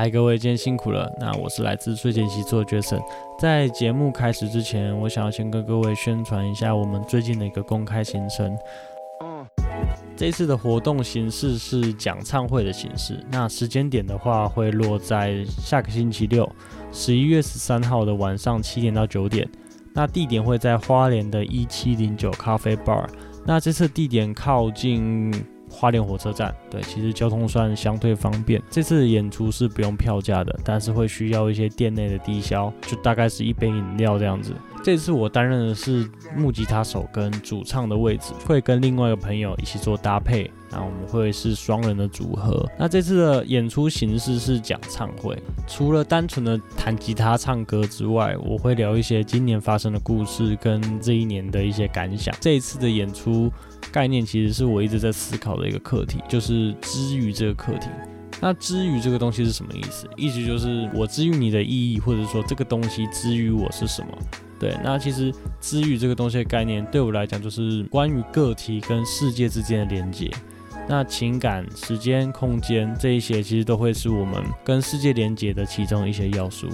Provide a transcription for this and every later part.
嗨，各位，今天辛苦了。那我是來自睡前習作的 Jason。在節目開始之前，我想要先跟各位宣傳一下我們最近的一個公開行程。嗯、oh.，這次的活動形式是講唱會的形式。那時間點的話，會落在下個星期六，十一月十三號的晚上七點到九點。那地點會在花蓮的一七零九咖啡 bar。那這次地點靠近，花蓮火車站，對，其實交通算相對方便。這次演出是不用票價的，但是會需要一些店內的低消，就大概是一杯飲料這樣子。這次我擔任的是木吉他手跟主唱的位置，會跟另外一個朋友一起做搭配。那我們會是雙人的組合。那這次的演出形式是講唱會，除了單純的彈吉他唱歌之外，我會聊一些今年發生的故事跟這一年的一些感想。這一次的演出概念其實是我一直在思考的一個課題，就是之於這個課題。那之於這個東西是什麼意思？意思就是我之於你的意義，或者說這個東西之於我是什麼？對，那其實之於這個東西的概念對我來講就是關於個體跟世界之間的連接。那情感、時間、空間這一些，其實都會是我們跟世界連接的其中一些要素。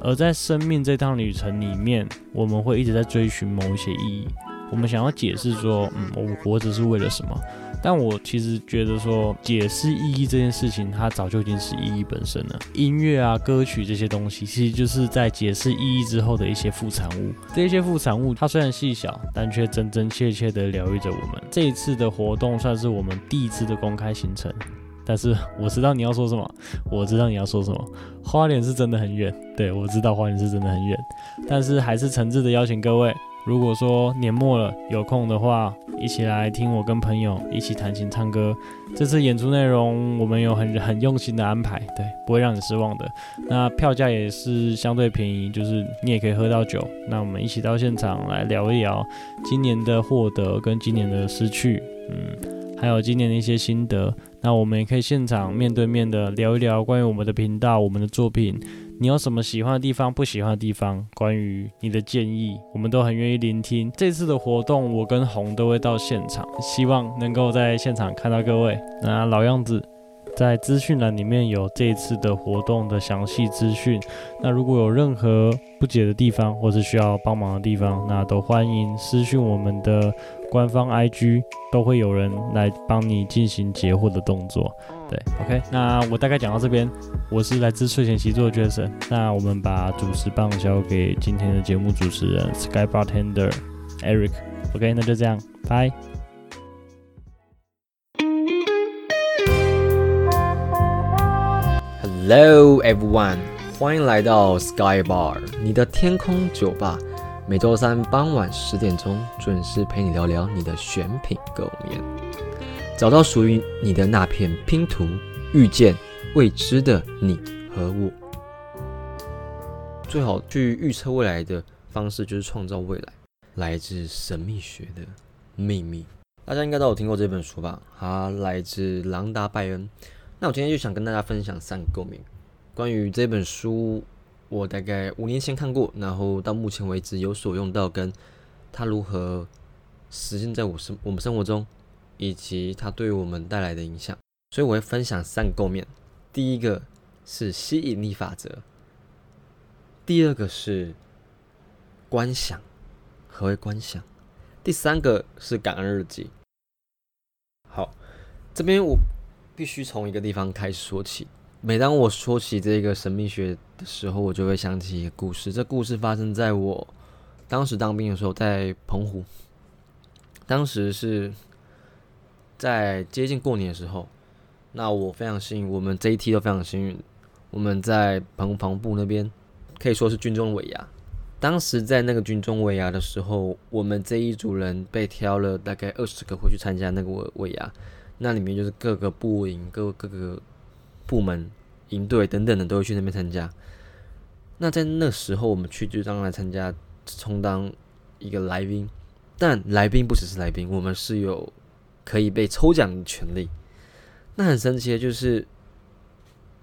而在生命這趟旅程裡面，我們會一直在追尋某一些意義，我們想要解釋說，嗯，我們活著是為了什麼。但我其實覺得說，解釋意義這件事情，它早就已經是意義本身了。音樂啊，歌曲這些東西，其實就是在解釋意義之後的一些副產物。這些副產物它雖然細小，但卻真真切切地療癒着我們。這一次的活動算是我們第一次的公開行程，但是我知道你要說什麼，我知道你要說什麼。花蓮是真的很遠，對，我知道花蓮是真的很遠，但是還是誠摯地邀請各位。如果說年末了，有空的話，一起來聽我跟朋友一起彈琴唱歌。這次演出內容我們有很很用心的安排，對，不會讓你失望的。那票價也是相對便宜，就是你也可以喝到酒。那我們一起到現場來聊一聊今年的獲得跟今年的失去，嗯，還有今年的一些心得。那我們也可以現場面對面的聊一聊關於我們的頻道、我們的作品。你有什麼喜歡的地方，不喜歡的地方？關於你的建議，我們都很願意聆聽。這次的活動，我跟紅都會到現場，希望能夠在現場看到各位。那老樣子。在資訊欄裡面有這一次的活動的詳細資訊。那如果有任何不解的地方，或是需要幫忙的地方，那都歡迎私訊我們的官方 IG，都會有人來幫你進行解惑的動作。對，OK，那我大概講到這邊，我是來自睡前習作的 Jason。那我們把主持棒交給今天的節目主持人 Sky Bartender Eric。OK，那就這樣，拜。Hello everyone，歡迎來到 Sky Bar 你的天空酒吧。每周三傍晚十點鐘準時陪你聊聊你的選品構面，找到屬於你的那片拼圖，遇見未知的你和我。最好去預測未來的方式就是創造未來。來自神秘學的秘密，大家應該都有聽過這本書吧？它、啊、來自朗達·拜恩。那我今天就想跟大家分享三個構面。關於這本書，我大概五年前看過，然後到目前為止有所用到，跟它如何實現在我生我們生活中，以及它對我們帶來的影響。所以我會分享三個構面。第一個是吸引力法則，第二個是觀想，何為觀想？第三個是感恩日記。好，這邊我。必須從一個地方開始說起。每當我說起這個神秘學的時候，我就會想起一個故事。這故事發生在我當時當兵的時候，在澎湖。當時是在接近過年的時候，那我非常幸運，我們這一批都非常幸運，我們在澎湖防部那邊可以說是軍中尾牙。當時在那個軍中尾牙的時候，我們這一組人被挑了大概二十個，回去參加那個尾尾牙。那裡面就是各個部營，各各個部門、營隊等等的都會去那邊參加。那在那時候，我們去就當來參加，充當一個來賓。但來賓不只是來賓，我們是有可以被抽獎的權利。那很神奇的就是，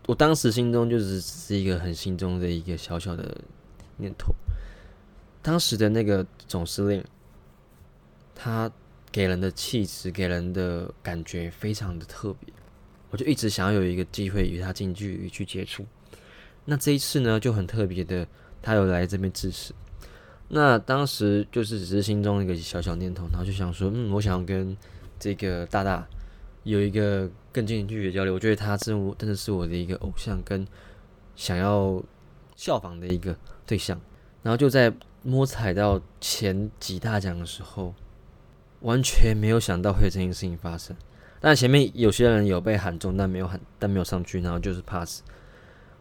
我當時心中就是只是一個很心中的一個小小的念頭。當時的那個總司令，他。給人的氣質，給人的感覺非常的特別，我就一直想要有一個機會與他近距離去接觸。那這一次呢，就很特別的，他有來這邊支持。那當時就是只是心中一個小小念頭，然後就想說，嗯，我想要跟這個大大有一個更近距離的交流。我覺得他是我真的是我的一個偶像，跟想要效仿的一個對象。然後就在摸彩到前幾大獎的時候。完全沒有想到會有這件事情發生，但前面有些人有被喊中，但沒有喊，但沒有上去，然後就是 pass。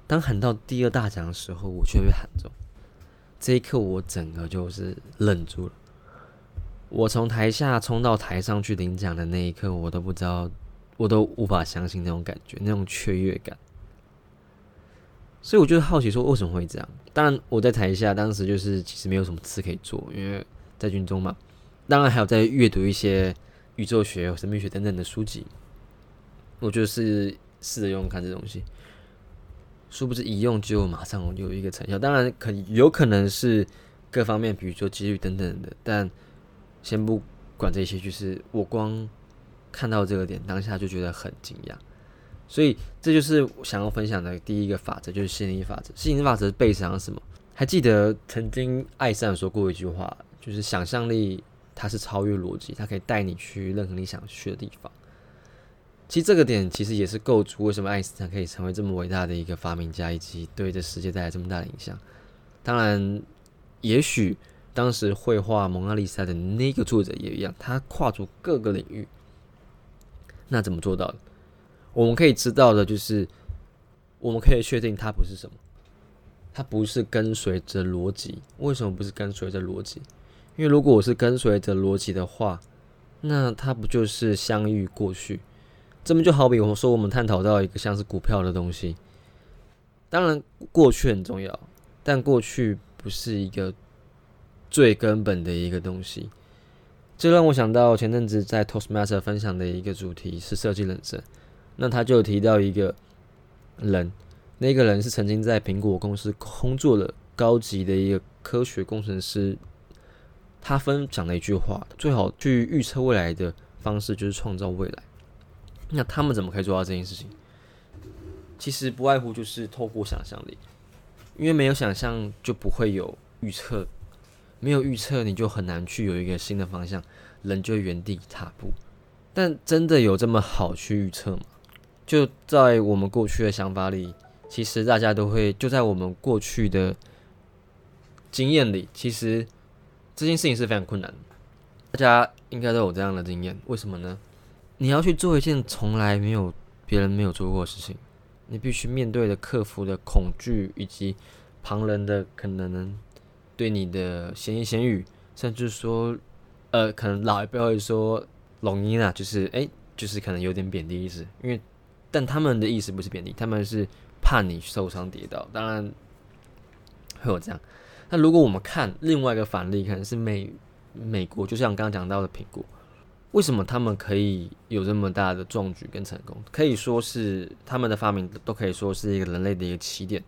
當喊到第二大獎的時候，我卻被喊中，這一刻我整個就是愣住了。我從台下衝到台上去領獎的那一刻，我都不知道，我都無法相信那種感覺，那種雀躍感。所以我就好奇說，為什麼會這樣？當然我在台下當時就是其實沒有什麼事可以做，因為在軍中嘛。當然還有在閱讀一些宇宙學、神秘學等等的書籍，我就是試着用看這東西，殊不知一用就馬上有一個成效。當然可有可能是各方面，比如說幾率等等的，但先不管這些，就是我光看到這個點，當下就覺得很驚訝。所以這就是我想要分享的第一個法則，就是吸引力法則。吸引力法則的背是什麼？還記得曾經愛因斯坦說過一句話，就是想象力。它是超越邏輯，它可以帶你去任何你想去的地方。其實這個點其實也是構築為什麼愛因斯坦可以成為這麼偉大的一個發明家，以及對這世界帶來這麼大的影響。當然，也許當時繪畫《蒙娜麗莎》的那個作者也一樣，他跨足各個領域。那怎麼做到的？我們可以知道的就是，我們可以確定它不是什麼，它不是跟隨着邏輯。為什麼不是跟隨着邏輯？因為如果我是跟隨着邏輯的話，那它不就是相遇過去？這麼就好比我們說，我們探討到一個像是股票的東西，當然過去很重要，但過去不是一個最根本的一個東西。這讓我想到前陣子在 Toastmaster 分享的一個主題是設計人生，那他就提到一個人，那個人是曾經在蘋果公司工作的高級的一個科學工程師。他分享了一句話：最好去預測未來的方式就是創造未來。那他們怎麼可以做到這件事情？其實不外乎就是透過想象力，因為沒有想象就不會有預測，沒有預測你就很難去有一個新的方向，人就原地踏步。但真的有這麼好去預測嗎？就在我們過去的想法裡，其實大家都會；就在我們過去的經驗裡，其實。這件事情是非常困難的，大家應該都有這樣的經驗。為什麼呢？你要去做一件從來沒有別人沒有做過的事情，你必須面對的、克服的恐懼，以及旁人的可能對你的閒言閒語，甚至說，呃，可能老一輩會說“龍音”娜就是誒、欸，就是可能有點貶低意思。因為，但他們的意思不是貶低，他們是怕你受傷跌倒。當然會有這樣。那如果我們看另外一個反例，可能是美美國，就像剛剛講到的蘋果，為什麼他們可以有這麼大的壯舉跟成功？可以說是他們的發明都可以說是一個人類的一個起點。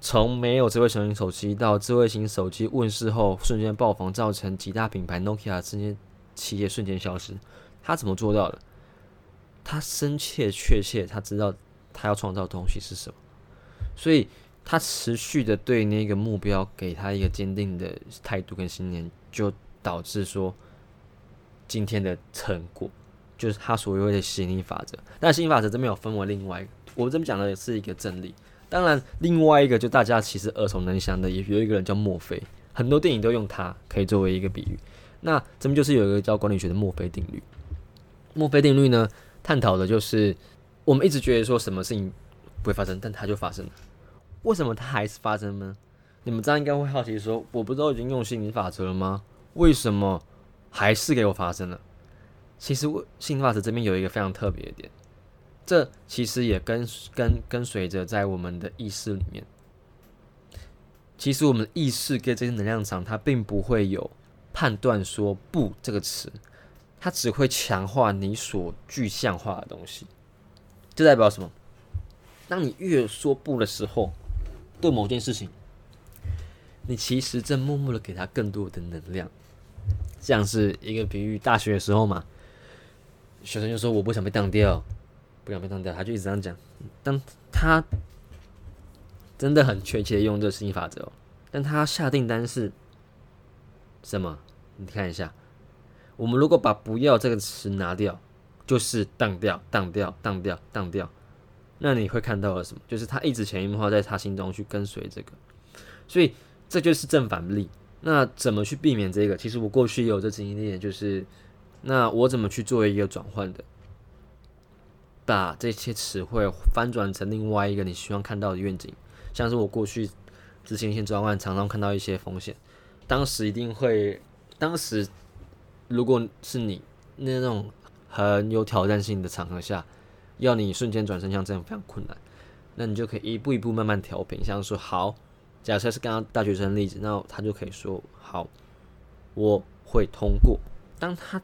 從沒有智慧小型手機到智慧型手機問世後瞬間爆棚，造成幾大品牌 Nokia 這些企業瞬間消失，他怎麼做到的？他深切確切，他知道他要創造的東西是什麼，所以。他持續的對那個目標給他一個堅定的態度跟信念，就導致說今天的成果，就是他所謂的吸引力法則。但吸引力法則這邊有分為另外一個，我們這邊講的是一個正例。當然，另外一個就大家其實耳熟能詳的，也有一個人叫墨菲，很多電影都用他可以作為一個比喻。那這邊就是有一個叫管理學的墨菲定律。墨菲定律呢，探討的就是我們一直覺得說什麼事情不會發生，但它就發生了。為什麼它還是發生呢？你們這樣應該會好奇說：“我不都已經用心靈法則了嗎？為什麼還是給我發生了？”其實我，心靈法則這邊有一個非常特別的點，這其實也跟跟跟隨着在我們的意識裡面。其實，我們的意識跟這些能量場，它並不會有判斷說“不”這個詞，它只會強化你所具象化的東西。這代表什麼？當你越說“不”的時候，對某件事情，你其實正默默的給他更多的能量，像是一個比喻。大學的時候嘛，學生就說：“我不想被當掉，不想被當掉。”他就一直這樣講。當他真的很確切的用這個吸引法則哦，但他下訂單是什麼？你看一下，我們如果把“不要”這個詞拿掉，就是“當掉、當掉、當掉、當掉”。那你會看到了什麼？就是他一直潛移默化在他心中去跟隨這個，所以這就是正反力。那怎麼去避免這個？其實我過去也有這經驗，就是那我怎麼去做一個轉換的？把這些詞彙翻轉成另外一個你希望看到的願景，像是我過去執行性專案，常常看到一些風險。當時一定會，當時如果是你那種很有挑戰性的場合下。要你瞬間轉身像這樣非常困難，那你就可以一步一步慢慢調平。像說，好，假設是剛剛大學生的例子，那他就可以說好，我會通過。當他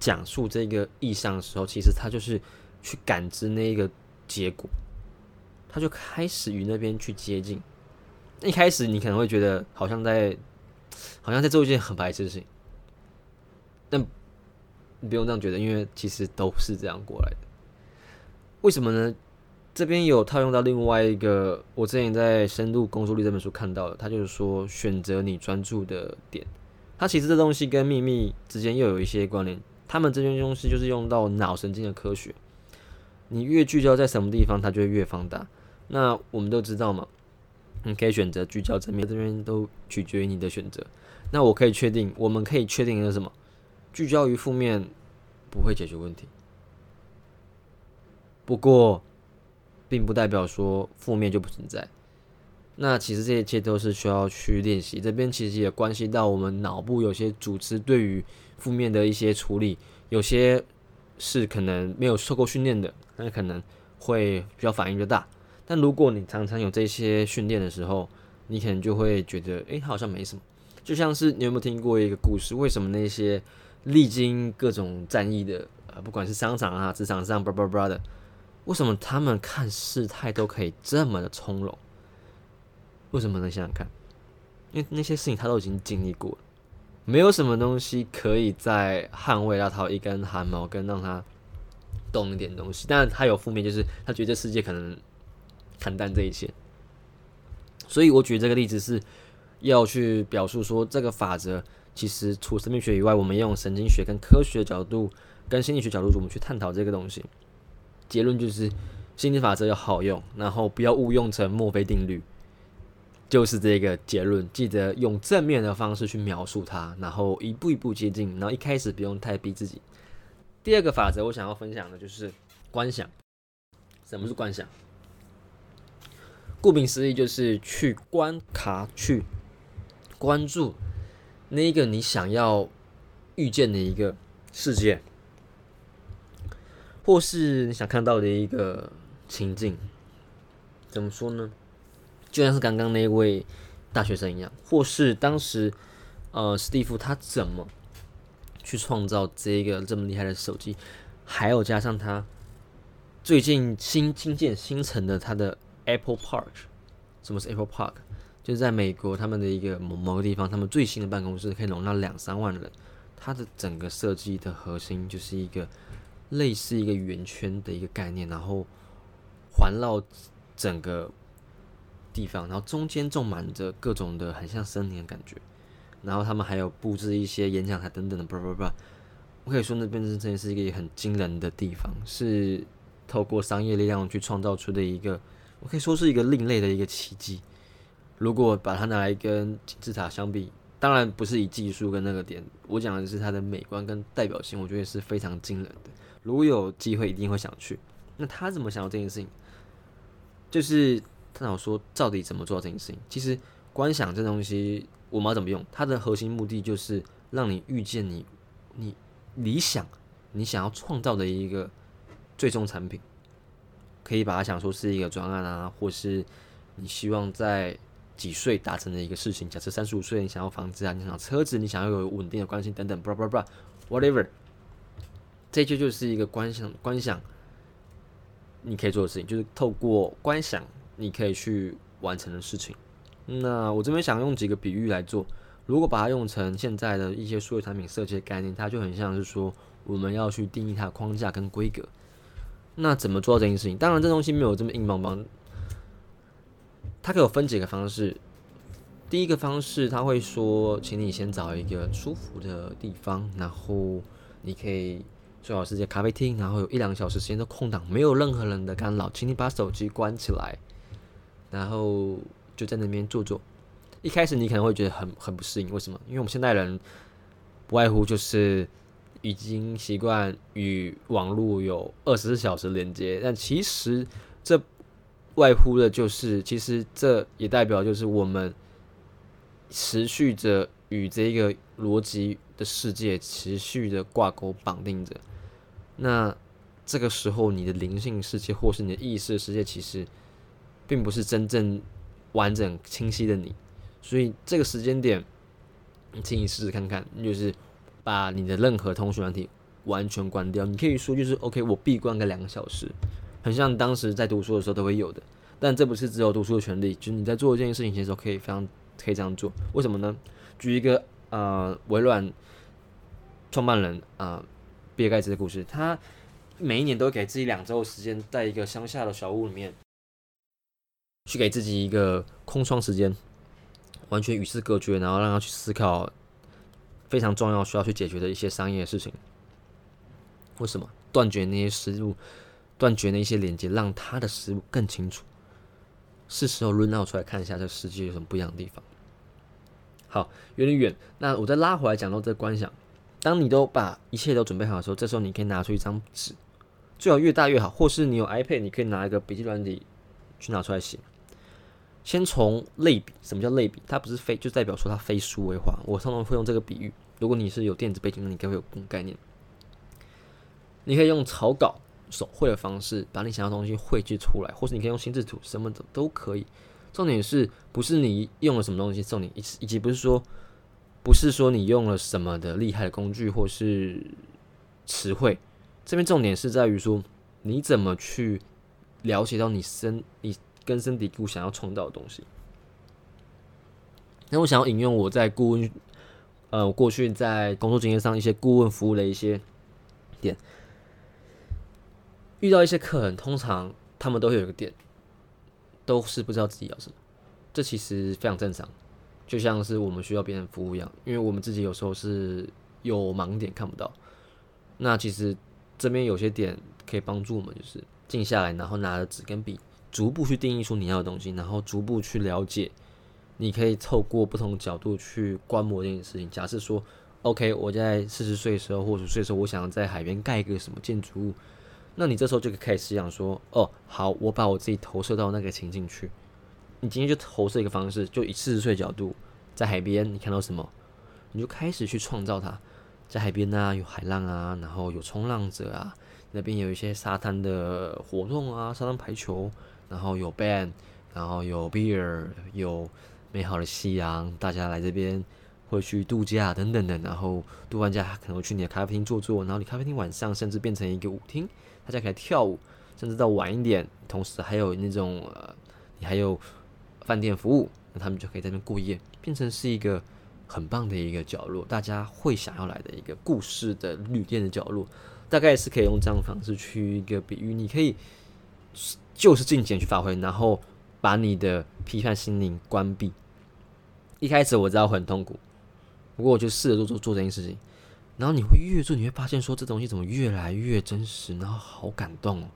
講述這個意向的時候，其實他就是去感知那個結果，他就開始與那邊去接近。一開始你可能會覺得好像在，好像在做一件很白痴的事情，但你不用這樣覺得，因為其實都是這樣過來的。為什麼呢？這邊有套用到另外一個，我之前在《深度工作力》這本書看到的，他就是說選擇你專注的點。它其實這東西跟秘密之間又有一些關聯。他們這些東西就是用到腦神經的科學。你越聚焦在什麼地方，它就越放大。那我們都知道嘛，你可以選擇聚焦正面，這邊都取決於你的選擇。那我可以確定，我們可以確定一個什麼？聚焦於負面不會解決問題。不過，並不代表說負面就不存在。那其實這一切都是需要去練習。這邊其實也關係到我們腦部有些組織對於負面的一些處理，有些是可能沒有受過訓練的，那可能會比較反應就大。但如果你常常有這些訓練的時候，你可能就會覺得，誒，好像沒什麼。就像是你有沒有聽過一個故事？為什麼那些歷經各種戰役的啊、呃，不管是商場啊、職場上，叭叭叭的？為什麼他們看事態都可以這麼的從容？為什麼呢？想想看，因為那些事情他都已經經歷過了，沒有什麼東西可以再捍衛那套一根汗毛，跟讓他動一點東西。但是他有負面，就是他覺得世界可能看淡這一切。所以我舉這個例子是要去表述說，這個法則其實除生命學以外，我們用神經學跟科學角度、跟心理學角度，我們去探討這個東西。結論就是，心理法則要好用，然後不要誤用成墨菲定律，就是這個結論。記得用正面的方式去描述它，然後一步一步接近，然後一開始不用太逼自己。第二個法則我想要分享的就是觀想。什麼是觀想？顧名思義就是去觀察、去關注那一個你想要遇見的一個世界，或是你想看到的一個情境，怎麼說呢？就像是剛剛那位大學生一樣，或是當時，呃，史蒂夫他怎麼去創造這個這麼厲害的手機？還有加上他最近新新建新成的他的 Apple Park，什麼是 Apple Park？就是在美國他們的一個某某個地方，他們最新的辦公室可以容納兩三萬人。它的整個設計的核心就是一個。類似一個圓圈的一個概念，然後環繞整個地方，然後中間種滿着各種的很像森林的感覺，然後他們還有布置一些演講台等等的，不不不。我可以說那邊是真的是一個很驚人的地方，是透過商業力量去創造出的一個，我可以說是一個另類的一個奇蹟。如果把它拿來跟金字塔相比，當然不是以技術跟那個點，我講的是它的美觀跟代表性，我覺得是非常驚人的。如果有機會，一定會想去。那他怎麼想到這件事情？就是他想說，到底怎麼做這件事情？其實，觀想這東西，我們要怎麼用？它的核心目的就是讓你遇見你、你理想、你想要創造的一個最終產品。可以把它想說是一個專案啊，或是你希望在幾歲達成的一個事情。假設三十五歲，你想要房子啊，你想要車子，你想要有穩定的關係等等，不不不不 whatever。這就就是一個觀想，觀想，你可以做的事情，就是透過觀想，你可以去完成的事情。那我這邊想用幾個比喻來做，如果把它用成現在的一些數字產品設計的概念，它就很像是說，我們要去定義它的框架跟規格。那怎麼做到這件事情？當然，這東西沒有這麼硬邦邦，它可以有分幾個方式。第一個方式，它會說，請你先找一個舒服的地方，然後你可以。最好是在咖啡廳，然後有一兩個小時時間的空檔，沒有任何人的干擾，請你把手機關起來，然後就在那邊坐坐。一開始你可能會覺得很很不適應，為什麼？因為我們現代人不外乎就是已經習慣與網絡有二十四小時連接，但其實這外乎的就是，其實這也代表就是我們持續着。與這個邏輯的世界持續的掛鈎綁定着，那這個時候你的靈性世界或是你的意識世界，其實並不是真正完整清晰的你。所以這個時間點，你請你試試看看，就是把你的任何通訊軟體完全關掉。你可以說就是 “OK”，我閉關個兩個小時，很像當時在讀書的時候都會有的。但這不是只有讀書的權利，就是你在做一件事情的時候可以非常可以這樣做。為什麼呢？舉一個呃，微軟創辦人啊，比爾蓋茨的故事，他每一年都會給自己兩週時間，在一個鄉下的小屋裡面，去給自己一個空窗時間，完全與世隔絕，然後讓他去思考非常重要、需要去解決的一些商業的事情。為什麼？斷絕那些思路，斷絕那些連接，讓他的思路更清楚。是時候輪到出來看一下，這世界有什麼不一樣的地方。好，有點遠。那我再拉回來講，到這個觀想。當你都把一切都準備好的時候，這時候你可以拿出一張紙，最好越大越好，或是你有 iPad，你可以拿一個筆記本底去拿出來寫。先從類比，什麼叫類比？它不是非，就代表說它非數位化。我常常會用這個比喻。如果你是有電子背景，你該會有這種概念。你可以用草稿手繪的方式，把你想要的東西繪制出來，或是你可以用心智圖，什麼的都可以。重點是不是你用了什麼東西？送你以以及不是說，不是說你用了什麼的厲害的工具或是詞彙。這邊重點是在於說，你怎麼去了解到你深、你根深蒂固想要創造的東西。那我想要引用我在顧問，呃，我過去在工作經驗上一些顧問服務的一些點，遇到一些客人，通常他們都會有一個點。都是不知道自己要什麼，這其實非常正常，就像是我們需要別人服務一樣，因為我們自己有時候是有盲點看不到。那其實這邊有些點可以幫助我們，就是靜下來，然後拿着紙跟筆，逐步去定義出你要的東西，然後逐步去了解。你可以透過不同角度去觀摩這件事情。假設說，OK，我在四十歲的時候，或者五十歲時候，我想要在海邊蓋一個什麼建築物。那你這時候就可以開始想說，哦，好，我把我自己投射到那個情境去。你今天就投射一個方式，就以四十歲角度在海邊，你看到什麼？你就開始去創造它。在海邊啊，有海浪啊，然後有衝浪者啊，那邊有一些沙灘的活動啊，沙灘排球，然後有 band，然後有 beer，有美好的夕陽，大家來這邊。會去度假等等的，然後度完假可能會去你的咖啡廳坐坐，然後你咖啡廳晚上甚至變成一個舞廳，大家可以來跳舞，甚至到晚一點。同時還有那種呃，你還有飯店服務，那他們就可以在那過夜，變成是一個很棒的一個角落，大家會想要來的一個故事的旅店的角落。大概是可以用這樣的方式去一個比喻，你可以就是盡簡去發揮，然後把你的批判心靈關閉。一開始我知道我很痛苦。不過，我就試着做做做這件事情，然後你會越做，你會發現說這東西怎麼越來越真實，然後好感動哦。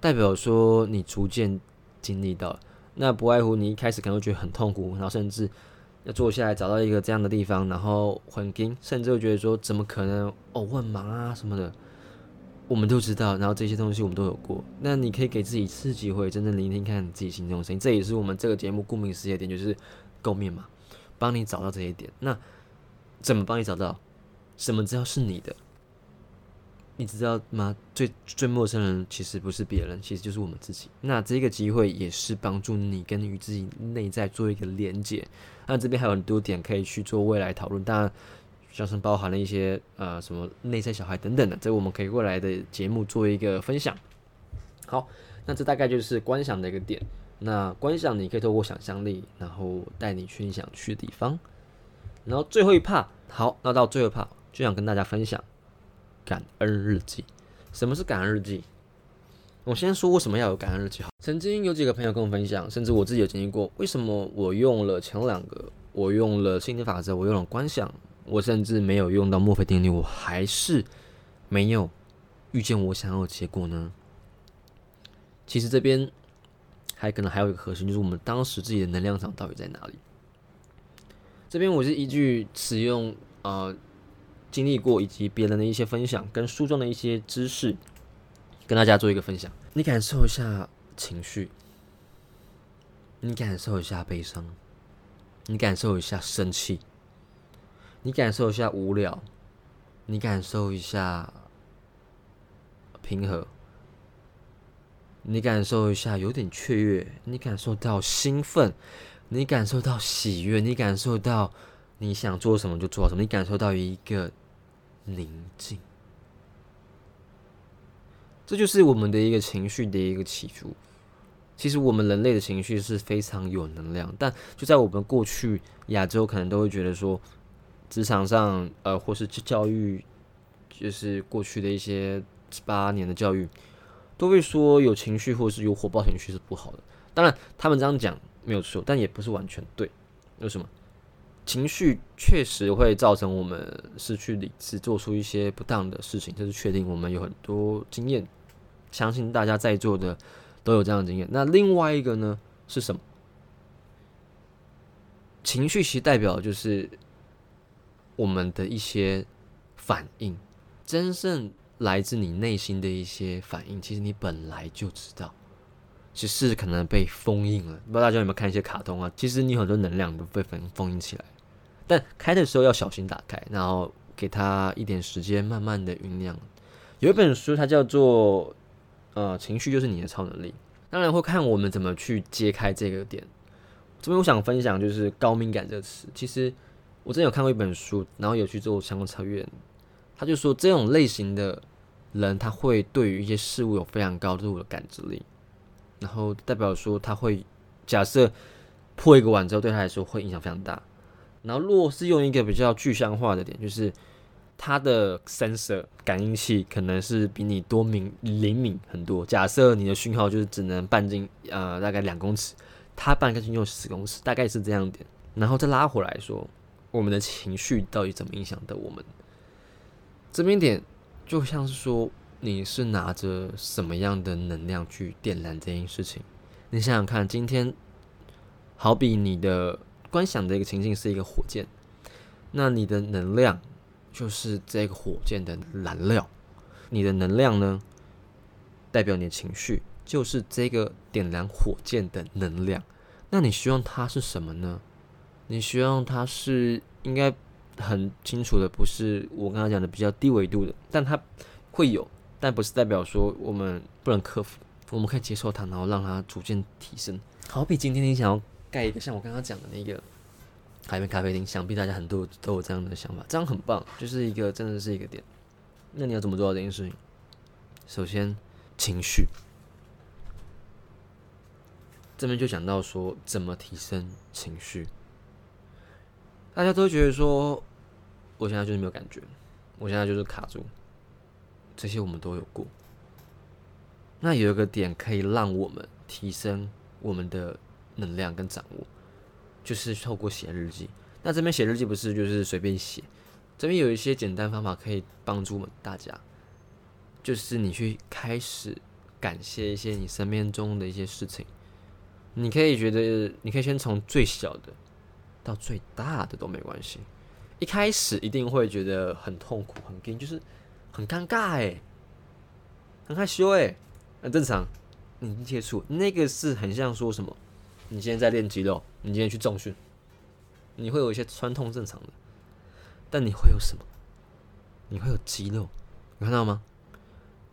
代表說你逐漸經歷到，那不外乎你一開始可能會覺得很痛苦，然後甚至要坐下來找到一個這樣的地方，然後很靜，甚至會覺得說怎麼可能？我、哦、很忙啊什麼的，我們都知道，然後這些東西我們都有過。那你可以給自己一次機會，真正聆聽看你自己心中的聲音。這也是我們這個節目顧名思義的點，就是共鳴嘛。幫你找到這一點，那怎麼幫你找到？什麼知道是你的？你知道嗎？最最陌生人其實不是別人，其實就是我們自己。那這個機會也是幫助你跟與自己內在做一個連接。那這邊還有很多點可以去做未來討論，當然像是包含了一些呃什麼內在小孩等等的，這我們可以未來的節目做一個分享。好，那這大概就是觀想的一個點。那觀想你可以透過想象力，然後帶你去你想去的地方。然後最後一趴，好，那到最後一趴就想跟大家分享感恩日記。什麼是感恩日記？我先說為什麼要有感恩日記。好，曾經有幾個朋友跟我分享，甚至我自己有經歷過，為什麼我用了前兩個，我用了心理法則，我用了觀想，我甚至沒有用到墨菲定律，我還是沒有遇見我想要的結果呢？其實這邊。還可能還有一個核心，就是我們當時自己的能量場到底在哪裡？這邊我是依據使用呃經歷過以及別人的一些分享，跟書中的一些知識，跟大家做一個分享。你感受一下情緒，你感受一下悲傷，你感受一下生氣，你感受一下無聊，你感受一下平和。你感受一下，有點雀躍，你感受到興奮，你感受到喜悅，你感受到你想做什麼就做什麼，你感受到一個寧靜。這就是我們的一個情緒的一個起伏。其實我們人類的情緒是非常有能量，但就在我們過去亞洲可能都會覺得說，職場上，呃，或是教育，就是過去的一些七八年的教育。都會說有情緒或是有火爆情緒是不好的。當然，他們這樣講沒有錯，但也不是完全對。為什麼？情緒確實會造成我們失去理智，做出一些不當的事情，這是確定。我們有很多經驗，相信大家在座的都有這樣的經驗。那另外一個呢，是什麼？情緒其實代表的就是我們的一些反應，真正。來自你內心的一些反應，其實你本來就知道，只是可能被封印了。不知道大家有沒有看一些卡通啊？其實你很多能量都被封封印起來，但開的時候要小心打開，然後給它一點時間，慢慢的醞釀。有一本書，它叫做《呃情緒就是你的超能力》，當然會看我們怎麼去揭開這個點。這邊我想分享就是“高敏感”這個詞，其實我真的有看過一本書，然後有去做相關測驗。他就說，這種類型的人，他會對於一些事物有非常高度的感知力，然後代表說他會假設破一個碗之後，對他來說會影響非常大。然後，若是用一個比較具象化的點，就是他的 sensor 感應器可能是比你多敏靈敏很多。假設你的訊號就是只能半徑呃大概兩公尺，他半徑用十公尺，大概是這樣點。然後再拉回來說，我們的情緒到底怎麼影響的我們？支點就像是說，你是拿着什麼樣的能量去點燃這件事情？你想想看，今天好比你的觀想的一個情境是一個火箭，那你的能量就是這個火箭的燃料。你的能量呢，代表你的情緒，就是這個點燃火箭的能量。那你希望它是什麼呢？你希望它是應該？很清楚的，不是我剛剛講的比較低維度的，但它會有，但不是代表說我們不能克服，我們可以接受它，然後讓它逐漸提升。好比今天你想要蓋一個像我剛剛講的那個海邊咖啡廳，想必大家很多都有這樣的想法，這樣很棒，就是一個真的是一個點。那你要怎麼做到這件事情？首先，情緒。這邊就講到說怎麼提升情緒，大家都覺得說。我現在就是沒有感覺，我現在就是卡住。這些我們都有過。那有一個點可以讓我們提升我們的能量跟掌握，就是透過寫日記。那這邊寫日記不是就是隨便寫，這邊有一些簡單方法可以幫助我們大家，就是你去開始感謝一些你身邊中的一些事情。你可以覺得，你可以先從最小的到最大的都沒關係。一開始一定會覺得很痛苦、很緊，就是很尷尬誒，很害羞誒。很正常。你接觸那個是很像說什麼？你今天在練肌肉，你今天去重訓，你會有一些酸痛，正常的。但你會有什麼？你會有肌肉，你看到嗎？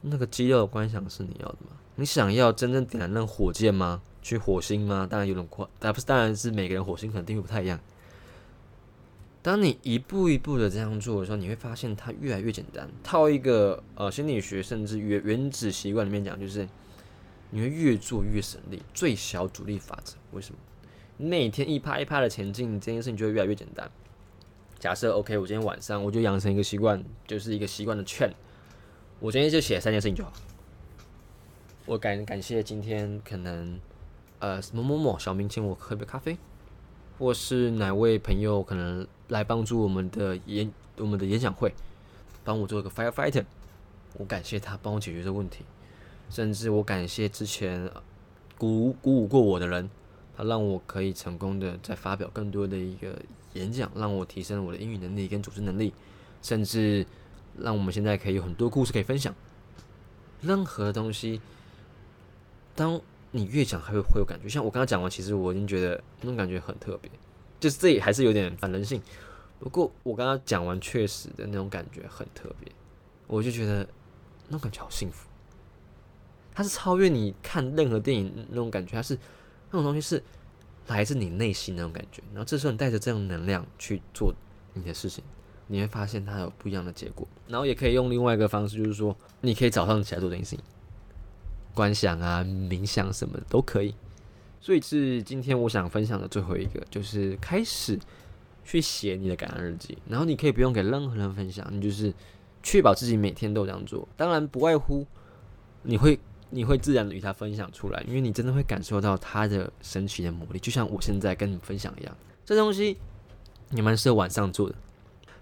那個肌肉的觀想是你要的嗎？你想要真正點燃那火箭嗎？去火星嗎？當然有點快，但、啊、不是。當然是每個人火星肯定會不太一樣。當你一步一步的這樣做的時候，你會發現它越來越簡單。套一個呃心理學甚至原原子習慣裡面講，就是你會越做越省力，最小阻力法則。為什麼？那一天一拍一拍的前進，這件事情就會越來越簡單。假設 OK，我今天晚上我就養成一個習慣，就是一個習慣的圈。我今天就寫三件事情就好。我感感謝今天可能呃什麼某某小明請我喝杯咖啡，或是哪位朋友可能。來幫助我們的演我們的演講會，幫我做一個 firefighter，我感謝他幫我解決這個問題，甚至我感謝之前鼓鼓舞過我的人，他讓我可以成功的再發表更多的一個演講，讓我提升我的英語能力跟組織能力，甚至讓我們現在可以有很多故事可以分享。任何東西，當你越講，還會會有感覺。像我剛剛講完，其實我已經覺得那種、個、感覺很特別。就是這裡還是有點反人性，不過我剛剛講完，確實的那種感覺很特別，我就覺得那種感覺好幸福。它是超越你看任何電影那種感覺，它是那種東西是來自你內心那種感覺。然後這時候你帶着這種能量去做你的事情，你會發現它有不一樣的結果。然後也可以用另外一個方式，就是說你可以早上起來做點事情，觀想啊、冥想什麼的都可以。所以是今天我想分享的最後一個，就是開始去寫你的感恩日記，然後你可以不用給任何人分享，你就是確保自己每天都這樣做。當然不外乎你會你會自然的與他分享出來，因為你真的會感受到他的神奇的魔力，就像我現在跟你分享一樣。這東西也蠻適合晚上做的。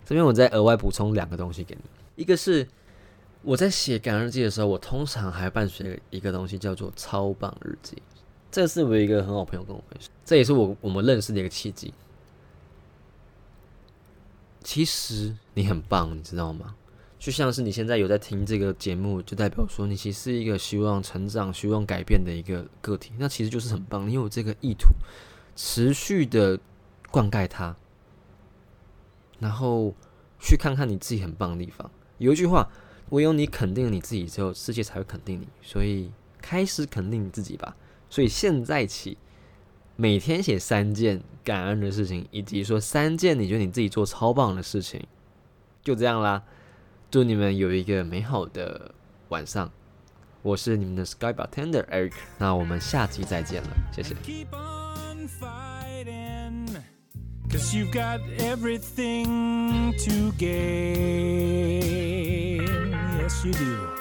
這邊我再額外補充兩個東西給你，一個是我在寫感恩日記的時候，我通常還伴隨一個東西叫做超棒日記。這是我一個很好朋友跟我分享，這也是我我們認識的一個契機。其實你很棒，你知道嗎？就像是你現在有在聽這個節目，就代表說你其實是一個希望成長、希望改變的一個個體，那其實就是很棒。你有這個意圖，持續的灌溉它，然後去看看你自己很棒的地方。有一句話：唯有你肯定你自己之後，世界才會肯定你。所以，開始肯定你自己吧。所以現在起，每天寫三件感恩的事情，以及說三件你覺得你自己做超棒的事情，就這樣啦。祝你們有一個美好的晚上。我是你們的 Sky Bartender Eric，那我們下期再見了，謝謝。Keep on fighting, cause you've got everything to gain. Yes, you do.